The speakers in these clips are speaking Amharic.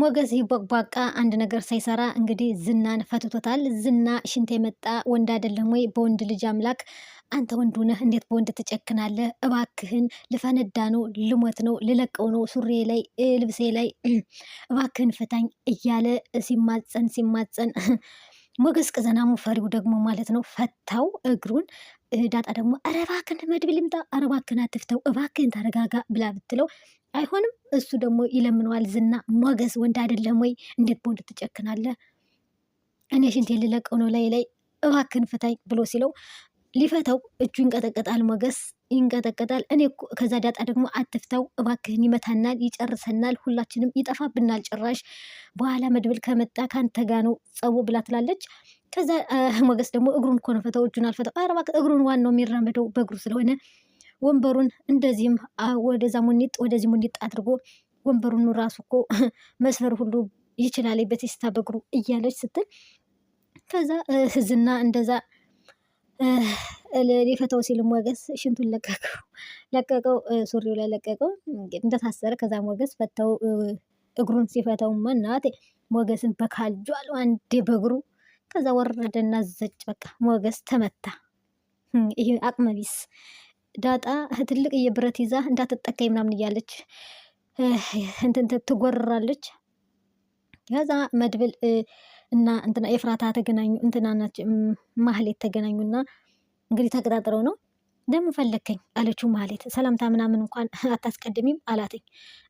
ሞገስ ይቦቅቧቃ አንድ ነገር ሳይሰራ እንግዲህ ዝናን ፈትቶታል። ዝና ሽንት የመጣ ወንድ አይደለም ወይ? በወንድ ልጅ አምላክ አንተ ወንድ ነህ፣ እንዴት በወንድ ትጨክናለህ? እባክህን ልፈነዳ ነው፣ ልሞት ነው፣ ልለቀው ነው ሱሬ ላይ ልብሴ ላይ እባክህን ፍታኝ እያለ ሲማፀን ሲማፀን ሞገስ ቅዘናሙ ፈሪው ደግሞ ማለት ነው ፈታው እግሩን። ዳጣ ደግሞ ኧረ እባክህን መድብል ይምጣ፣ እባክህን አትፍተው፣ እባክህን ተረጋጋ ብላ ብትለው አይሆንም። እሱ ደግሞ ይለምነዋል። ዝና ሞገስ ወንድ አይደለም ወይ? እንዴት በወንድ ትጨክናለህ? እኔ ሽንቴ ልለቀው ነው ላይ ላይ እባክን ፍታኝ ብሎ ሲለው ሊፈታው እጁ ይንቀጠቀጣል። ሞገስ ይንቀጠቀጣል። እኔ ከዛ ዳጣ ደግሞ አትፍታው እባክህን፣ ይመታናል፣ ይጨርሰናል፣ ሁላችንም ይጠፋብናል። ጭራሽ በኋላ መድብል ከመጣ ከአንተ ጋ ነው ጸቡ ብላ ትላለች። ከዛ ሞገስ ደግሞ እግሩን እኮ ነው ፈታው፣ እጁን አልፈታው። ኧረ እባክህ እግሩን ዋናው የሚራመደው በእግሩ ስለሆነ ወንበሩን እንደዚህም ወደዛ ሙኒጥ ወደዚህ ሙኒጥ አድርጎ ወንበሩን ራሱ እኮ መስፈር ሁሉ ይችላል በቴስታ በእግሩ እያለች ስትል ከዛ ህዝና እንደዛ ሊፈታው ሲል ሞገስ ሽንቱን ለቀቀው ለቀቀው ሱሪው ላይ ለቀቀው እንደታሰረ። ከዛ ሞገስ ፈተው እግሩን ሲፈተው መናቴ ሞገስን በካልጇል አንዴ በእግሩ ከዛ ወረደና ዘጭ በቃ ሞገስ ተመታ። ይሄ አቅመቢስ ዳጣ ትልቅ የብረት ይዛ እንዳትጠቀኝ ምናምን እያለች እንትን ትጎርራለች። ከዛ መድብል እና እንትና የፍራታ ተገናኙ። እንትናናች ማህሌት ተገናኙና እንግዲህ ተቀጣጥረው ነው ለምን ፈለግከኝ አለችው ማህሌት። ሰላምታ ምናምን እንኳን አታስቀድሚም አላትኝ።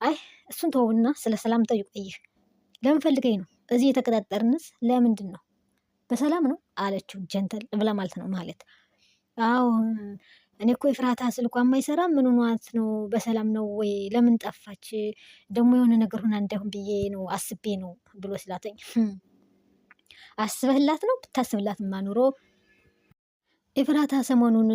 አይ እሱን ተውና ስለ ሰላም ጠይቁ ይህ ለምን ፈልገኝ ነው እዚህ የተቀጣጠርንስ ለምንድን ነው? በሰላም ነው አለችው ጀንተል ብላ ማለት ነው ማህሌት። አዎ እኔ እኮ የፍርሃታ ስልኳ የማይሰራም ምን ሆኗት ነው? በሰላም ነው ወይ? ለምን ጠፋች? ደግሞ የሆነ ነገር ሆና እንዳይሆን ብዬ ነው አስቤ ነው ብሎ ስላተኝ hm አስበህላት ነው ብታስብላት ማኑሮ የፍራታ ሰሞኑን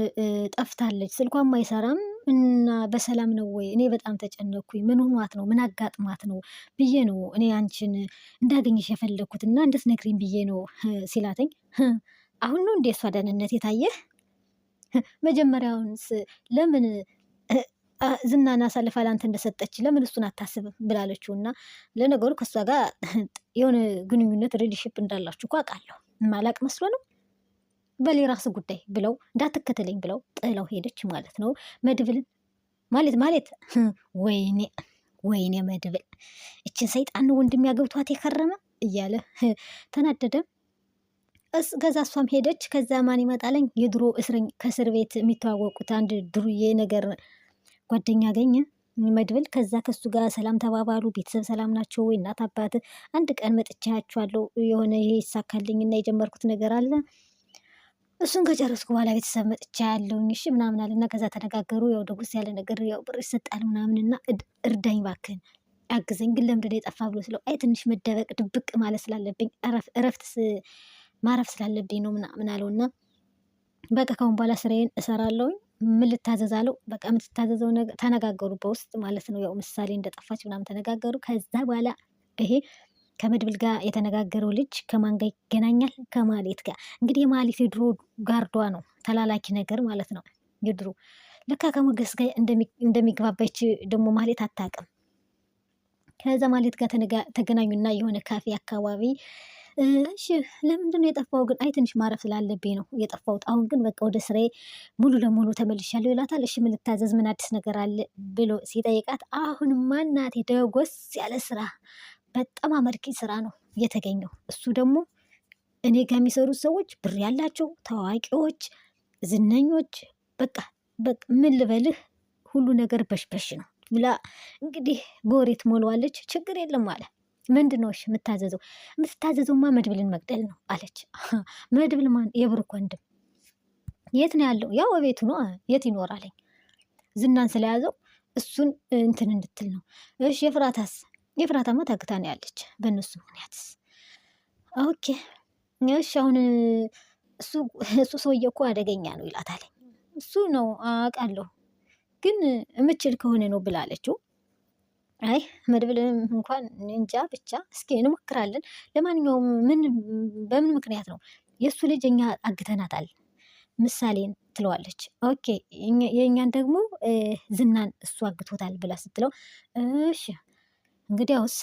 ጠፍታለች፣ ስልኳ አይሰራም እና በሰላም ነው ወይ? እኔ በጣም ተጨነኩኝ። ምን ሆኗት ነው? ምን አጋጥማት ነው ብዬ ነው እኔ አንቺን እንዳገኘሽ የፈለግኩት እና እንድትነግሪኝ ብዬ ነው ሲላተኝ፣ hm አሁን ነው እንደ እሷ ደህንነት የታየህ መጀመሪያውንስ ለምን ዝናን አሳልፋ ለአንተ እንደሰጠች ለምን እሱን አታስብም ብላለችው። እና ለነገሩ ከእሷ ጋር የሆነ ግንኙነት ሬዲሽፕ እንዳላችሁ እኮ አውቃለሁ። ማላቅ መስሎ ነው በሌ ራስ ጉዳይ ብለው እንዳትከተለኝ ብለው ጥለው ሄደች ማለት ነው። መድብል ማለት ማለት ወይኔ ወይኔ መድብል እችን ሰይጣን ወንድም ያገብቷት የከረመ እያለ ተናደደም ከዛ እሷም ሄደች። ከዛ ማን ይመጣለኝ የድሮ እስረኝ ከእስር ቤት የሚተዋወቁት አንድ ድሩዬ ነገር ጓደኛ አገኘ መድብል። ከዛ ከሱ ጋር ሰላም ተባባሉ። ቤተሰብ ሰላም ናቸው ወይ እናት አባት። አንድ ቀን መጥቻያቸዋለሁ የሆነ ይሄ ይሳካልኝ እና የጀመርኩት ነገር አለ እሱን ከጨረስኩ በኋላ ቤተሰብ መጥቻ ያለውኝ እሺ ምናምን እና ከዛ ተነጋገሩ። ያው ደጉስ ያለ ነገር ያው ብር ይሰጣል ምናምንና እርዳኝ ባክን አግዘኝ ግን ለምንድን ነው የጠፋ ብሎ ስለው አይ ትንሽ መደበቅ ድብቅ ማለት ስላለብኝ እረፍት ማረፍ ስላለብኝ ነው ምናምን አለው እና በቃ ከሁን በኋላ ስራዬን እሰራለሁ ምን ልታዘዛለው በቃ የምትታዘዘው ተነጋገሩ፣ በውስጥ ማለት ነው። ያው ምሳሌ እንደጠፋች ምናምን ተነጋገሩ። ከዛ በኋላ ይሄ ከመድብል ጋር የተነጋገረው ልጅ ከማን ጋር ይገናኛል? ከማሌት ጋር እንግዲህ የማሌት የድሮ ጋርዷ ነው፣ ተላላኪ ነገር ማለት ነው። የድሮ ልካ ከሞገስ ጋር እንደሚግባባች ደግሞ ማሌት አታውቅም። ከዛ ማሌት ጋር ተገናኙና የሆነ ካፌ አካባቢ እሺ ለምንድን ነው የጠፋው ግን? አይ ትንሽ ማረፍ ስላለብኝ ነው የጠፋሁት። አሁን ግን በቃ ወደ ስሬ ሙሉ ለሙሉ ተመልሻለሁ ይላታል። እሺ ምን ልታዘዝ፣ ምን አዲስ ነገር አለ ብሎ ሲጠይቃት፣ አሁንማ እናቴ ደጎስ ያለ ስራ፣ በጣም አመርቂ ስራ ነው የተገኘው። እሱ ደግሞ እኔ ከሚሰሩት የሚሰሩት ሰዎች ብር ያላቸው ታዋቂዎች፣ ዝነኞች በቃ በቃ ምን ልበልህ ሁሉ ነገር በሽበሽ ነው ብላ እንግዲህ በወሬ ትሞላዋለች። ችግር የለም አለ ምንድን ነው እሺ የምታዘዘው? የምትታዘዘውማ መድብልን መግደል ነው አለች። መድብል ማን? የብሩክ ወንድም። የት ነው ያለው? ያው ቤቱ ነው። የት ይኖራለኝ? ዝናን ስለያዘው እሱን እንትን እንድትል ነው። እሺ የፍራታስ? የፍራታማ ታግታ ነው ያለች። በእነሱ ምክንያትስ? ኦኬ እሺ። አሁን እሱ እሱ ሰውዬ እኮ አደገኛ ነው ይላታለኝ። እሱ ነው አውቃለሁ፣ ግን የምችል ከሆነ ነው ብላለችው። አይ መድብልም እንኳን እንጃ ብቻ እስኪ እንሞክራለን። ለማንኛውም ምን በምን ምክንያት ነው የእሱ ልጅ እኛ አግተናታል ምሳሌን ትለዋለች። ኦኬ የእኛን ደግሞ ዝናን እሱ አግቶታል ብላ ስትለው፣ እሺ እንግዲያውስ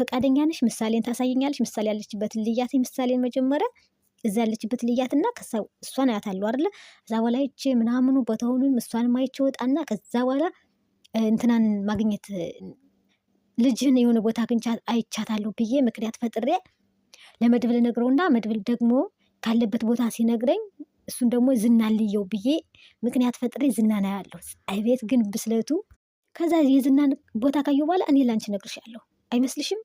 ፈቃደኛ ነሽ ምሳሌን ታሳየኛለች። ምሳሌ ያለችበት ልያት ምሳሌን መጀመሪያ እዛ ያለችበት ልያት እና እሷን አያታለሁ አለ እዛ በኋላ ይቼ ምናምኑ ቦታውን እሷን ማይቼ ወጣና ከዛ በኋላ እንትናን ማግኘት ልጅን የሆነ ቦታ አግኝቻ አይቻታለሁ ብዬ ምክንያት ፈጥሬ ለመድብል ነግረውና መድብል ደግሞ ካለበት ቦታ ሲነግረኝ እሱን ደግሞ ዝና ልየው ብዬ ምክንያት ፈጥሬ ዝናን ያለሁ አቤት ግን ብስለቱ! ከዛ የዝናን ቦታ ካየሁ በኋላ እኔ ላንቺ ነግርሻለሁ አይመስልሽም?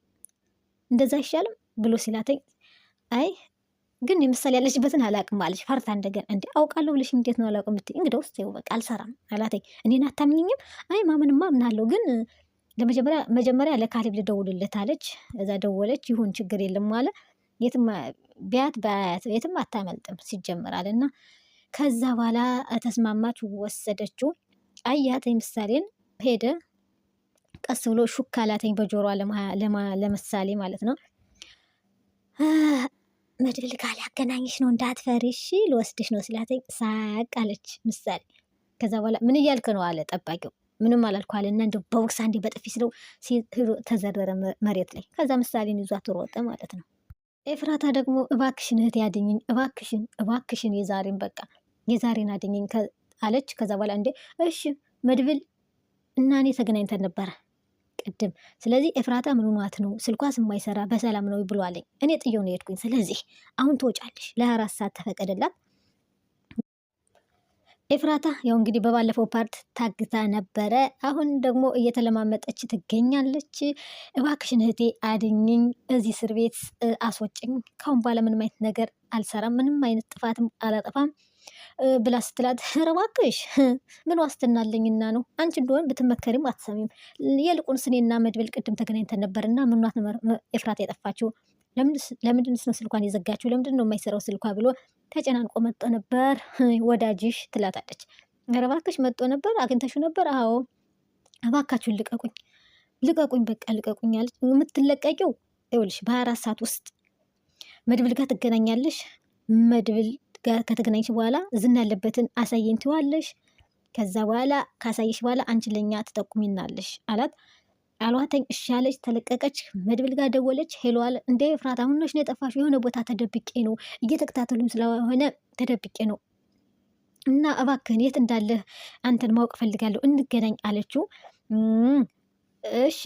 እንደዛ አይሻልም ብሎ ሲላተኝ አይ ግን ምሳሌ ያለችበትን አላቅም አለች ፈርታ። እንደገና እንዲ አውቃለሁ ብለሽ እንዴት ነው አላውቅም ብትይ እንግዲህ ውስጥ ይኸው በቃ አልሰራም አላተኝ። እኔን አታምኝኝም? አይ ማመንማ አምናለሁ ግን ለመጀመሪያ መጀመሪያ ለካሌብ ልደውልለት አለች። እዛ ደወለች። ይሁን ችግር የለም አለ። የትም ቢያት ባያት የትም አታመልጥም ሲጀምራል እና ከዛ በኋላ ተስማማች። ወሰደችው አያተኝ ምሳሌን ሄደ ቀስ ብሎ ሹክ አላተኝ በጆሮዋ ለምሳሌ ማለት ነው። መድብል ካል ያገናኝሽ ነው እንዳትፈሪሽ ልወስድሽ ነው ስላተኝ ሳቅ አለች ምሳሌ። ከዛ በኋላ ምን እያልክ ነው አለ ጠባቂው። ምንም አላልኩ አለ እና እንደ በቦክስ አንዴ በጥፊ ስለው ሂዶ ተዘረረ መሬት ላይ። ከዛ ምሳሌን ይዟት ሮጠ ማለት ነው። ኤፍራታ ደግሞ እባክሽን እህት ያድኝኝ፣ እባክሽን እባክሽን፣ የዛሬን በቃ የዛሬን አድኝኝ አለች። ከዛ በኋላ እንዴ እሺ መድብል እና እኔ ተገናኝተን ነበረ ቅድም። ስለዚህ ኤፍራታ ምንኗት ነው ስልኳስ ስማይሰራ በሰላም ነው ብሎ አለኝ። እኔ ጥየው ነው የሄድኩኝ። ስለዚህ አሁን ትወጫለሽ። ለአራት ሰዓት ተፈቀደላት። ኤፍራታ ያው እንግዲህ በባለፈው ፓርት ታግታ ነበረ። አሁን ደግሞ እየተለማመጠች ትገኛለች። እባክሽን እህቴ አድኝኝ፣ በዚህ እስር ቤት አስወጭኝ፣ ካሁን በኋላ ምንም አይነት ነገር አልሰራም፣ ምንም አይነት ጥፋትም አላጠፋም ብላ ስትላት፣ ኧረ እባክሽ ምን ዋስትና አለኝና ነው አንቺ እንደሆን ብትመከሪም አትሰሚም። የልቁን ስኔና መድብል ቅድም ተገናኝተን ነበርና ምኗት ኤፍራታ የጠፋችው ለምንድን ነው ስልኳን የዘጋችው? ለምንድን ነው የማይሰራው ስልኳ ብሎ ተጨናንቆ መጥጦ ነበር ወዳጅሽ ትላታለች። ኧረ እባክሽ ነበር አግኝተሽው ነበር? አዎ እባካችሁን ልቀቁኝ፣ ልቀቁኝ፣ በቃ ልቀቁኝ አለች። የምትለቀቂው ይኸውልሽ በአራት ሰዓት ውስጥ መድብል ጋር ትገናኛለሽ። መድብል ጋር ከተገናኘሽ በኋላ ዝና ያለበትን አሳየን ትዋለሽ። ከዛ በኋላ ካሳየሽ በኋላ አንቺ ለኛ ትጠቁሚናለሽ አላት። አልዋተኝ እሺ ያለች ተለቀቀች። መድብል ጋር ደወለች። ሄሎ አለ እንደ ፍራት አሁን ነሽ ነው የጠፋሽ? የሆነ ቦታ ተደብቄ ነው እየተከታተሉም ስለሆነ ተደብቄ ነው እና እባክህን የት እንዳለህ አንተን ማወቅ ፈልጋለሁ እንገናኝ አለችው። እሺ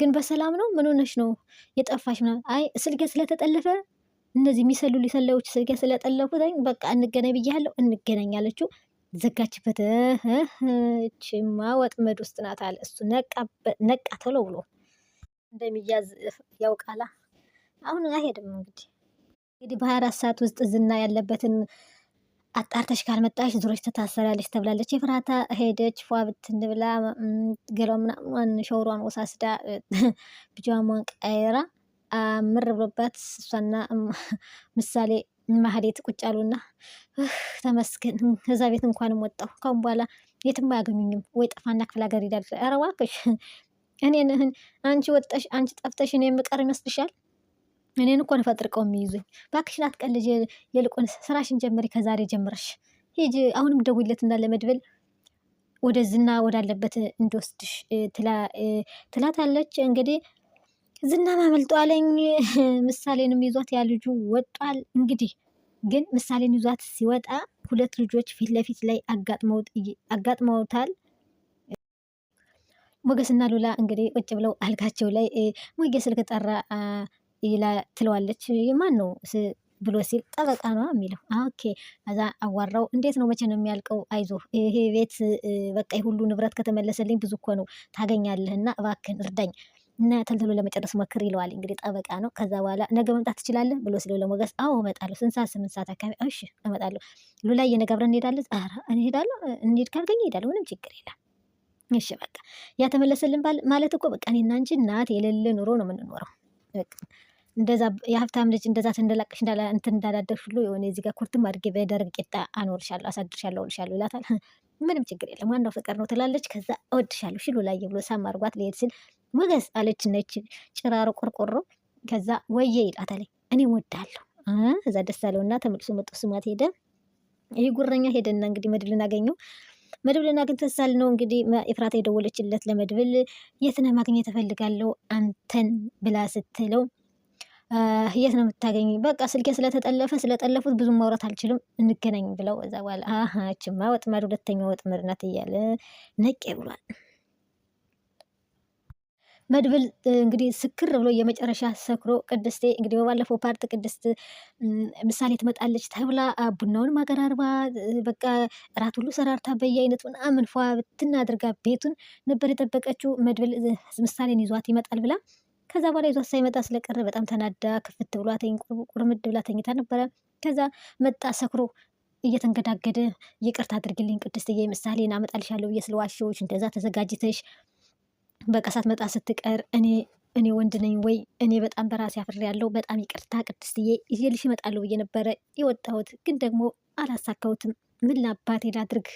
ግን በሰላም ነው? ምን ሆነሽ ነው የጠፋሽ? ምናምን አይ ስልኬ ስለተጠለፈ እነዚህ የሚሰሉ ሊሰለዎች ስልኬ ስለጠለፉ በቃ እንገናኝ ብያለሁ እንገናኝ አለችው። ዘጋችበት። እቺማ ወጥመድ ውስጥ ናት አለ እሱ። ነቃ ቶሎ ብሎ እንደሚያዝ ያውቃላ። አሁን አይሄድም እንግዲህ እንግዲህ በሀያ አራት ሰዓት ውስጥ ዝና ያለበትን አጣርተሽ ካልመጣሽ ዙሮች ተታሰራለች ተብላለች። የፍራታ ሄደች ፏ ብትንብላ ገሏ ምናምን ሸውሯን ወሳስዳ ብጃሟን ቀይራ ምር ብሎባት እሷና ምሳሌ ማህሌት ቁጭ አሉና ተመስገን፣ እዛ ቤት እንኳንም ወጣሁ። ካሁን በኋላ የትም አያገኙኝም። ወይ ጠፋና ክፍለ ሀገር ሄዳል። ኧረ እባክሽ እኔን አንቺ ወጣሽ አንቺ ጠፍተሽ እኔ የምቀር ይመስልሻል? እኔን እኮ ነው የሚይዙኝ። እባክሽን አትቀልጅ። የልቆን ስራሽን ጀምሪ፣ ከዛሬ ጀምረሽ ሂጂ። አሁንም ደውይለትና ለመድብል ወደ ዝና ወዳለበት እንደወስድሽ ትላታለች እንግዲህ ዝናም አመልጧለኝ ምሳሌንም ይዟት ያ ልጁ ወጧል። እንግዲህ ግን ምሳሌን ይዟት ሲወጣ ሁለት ልጆች ፊት ለፊት ላይ አጋጥመውታል። ሞገስና ሉላ እንግዲህ ቁጭ ብለው አልጋቸው ላይ ሞጌ ስልክ ጠራ ይላ ትለዋለች። ማን ነው ብሎ ሲል ጠበቃ ነው የሚለው። ኦኬ እዛ አዋራው እንዴት ነው መቼ ነው የሚያልቀው? አይዞ ይሄ ቤት በቃ ሁሉ ንብረት ከተመለሰልኝ ብዙ እኮ ነው ታገኛለህና እባክህን እርዳኝ እና ተልተሎ ለመጨረስ ሞክር ይለዋል። እንግዲህ ጠበቃ ነው። ከዛ በኋላ ነገ መምጣት ትችላለህ ብሎ ስለው ለሞገስ አዎ እመጣለሁ፣ ስንት ሰዓት? ስምንት ሰዓት አካባቢ። እሺ እመጣለሁ። ሉላዬ ነገ አብረን እንሄዳለን። ኧረ እንሄዳለሁ፣ እንሄድ ካልገኝ እሄዳለሁ፣ ምንም ችግር የለም። እሺ በቃ ያ ተመለሰልን ማለት እኮ በቃ እኔና አንቺ እናት የሌለ ኑሮ ነው የምንኖረው። እንደዛ የሀብታም ልጅ እንደዛ ትንደላቀሽ እንትን እንዳላደርሽ ሁሉ የሆነ የዚህ ጋር ኩርትም አድርጌ በደርግ ቂጣ አኖርሻለሁ፣ አሳድርሻለሁ፣ እልሻለሁ ይላታል። ምንም ችግር የለም ዋናው ፍቅር ነው ትላለች። ከዛ እወድሻለሁ ሽሉ ላይ ብሎ ሳም አድርጓት ሊሄድ ሲል ሞገስ አለች ነች ጭራሮ ቆርቆሮ። ከዛ ወየ ይጣታል እኔ ወዳለሁ። እዛ ደስ እና ተመልሶ መጦ ስማት ሄደ። ይህ ጉረኛ ሄደና እንግዲህ መድብልን አገኘው። መድብልን አግኝተን ሳል ነው እንግዲህ ኤፍራታ የደወለችለት ለመድብል የት ነህ ማግኘት እፈልጋለሁ አንተን ብላ ስትለው የት ነው የምታገኝ? በቃ ስልኬ ስለተጠለፈ ስለጠለፉት ብዙ ማውራት አልችልም፣ እንገናኝ ብለው እዛ በኋላ ችማ ወጥመድ፣ ሁለተኛው ወጥመድ ናት እያለ ነቄ ብሏል። መድብል እንግዲህ ስክር ብሎ የመጨረሻ ሰክሮ ቅድስቴ እንግዲህ በባለፈው ፓርት ቅድስት ምሳሌ ትመጣለች ተብላ ቡናውን ማቀራርባ በቃ እራት ሁሉ ሰራርታ በየአይነት ምናምን ፏ ብትና አድርጋ ቤቱን ነበር የጠበቀችው። መድብል ምሳሌን ይዟት ይመጣል ብላ ከዛ በኋላ ይዟት ሳይመጣ ስለቀረ በጣም ተናዳ ክፍት ብሏ ቁርምድ ብላ ተኝታ ነበረ። ከዛ መጣ ሰክሮ እየተንገዳገደ ይቅርታ አድርግልኝ ቅድስትዬ፣ ምሳሌን አመጣልሻለሁ ብዬ ስለዋሸሁሽ እንደዛ ተዘጋጅተሽ በቃ ሳትመጣ ስትቀር እኔ እኔ ወንድ ነኝ ወይ? እኔ በጣም በራሴ አፍሬ ያለው በጣም ይቅርታ ቅድስትዬ፣ ይዤልሽ እመጣለሁ ብዬ ነበረ የወጣሁት፣ ግን ደግሞ አላሳካሁትም። ምን ላባቴ ላድርግ?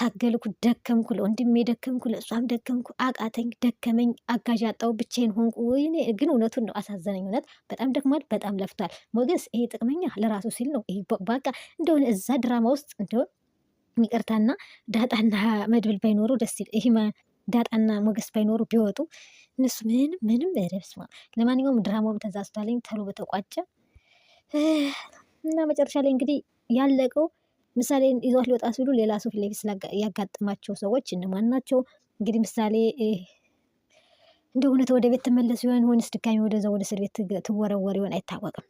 ታገልኩ፣ ደከምኩ፣ ለወንድሜ ደከምኩ፣ ለእሷም ደከምኩ፣ አቃተኝ፣ ደከመኝ፣ አጋዥ አጣሁ፣ ብቻዬን ሆንኩ። ወይኔ ግን እውነቱን ነው አሳዘነኝ። እውነት በጣም ደክሟል፣ በጣም ለፍቷል። ሞገስ ይሄ ጥቅመኛ ለራሱ ሲል ነው ይሄ በቃ እንደሆነ እዛ ድራማ ውስጥ እንዲሆን ይቅርታና ዳጣና መድብል ባይኖሩ ደስ ይል ይህ ዳጣና ሞገስ ባይኖሩ ቢወጡ እነሱ ምንም ምንም ረብስ። ለማንኛውም ድራማውም ተዛዝቷለኝ ተሎ በተቋጨ እና መጨረሻ ላይ እንግዲህ ያለቀው ምሳሌ ይዟት ሊወጣ ሲሉ ሌላ ሰው ፊት ለፊት ያጋጠማቸው ሰዎች እነማን ናቸው? እንግዲህ ምሳሌ እንደ እውነት ወደ ቤት ትመለሱ ይሆን? ወይንስ ድጋሚ ወደዛ ወደ እስር ቤት ትወረወር ይሆን? አይታወቅም።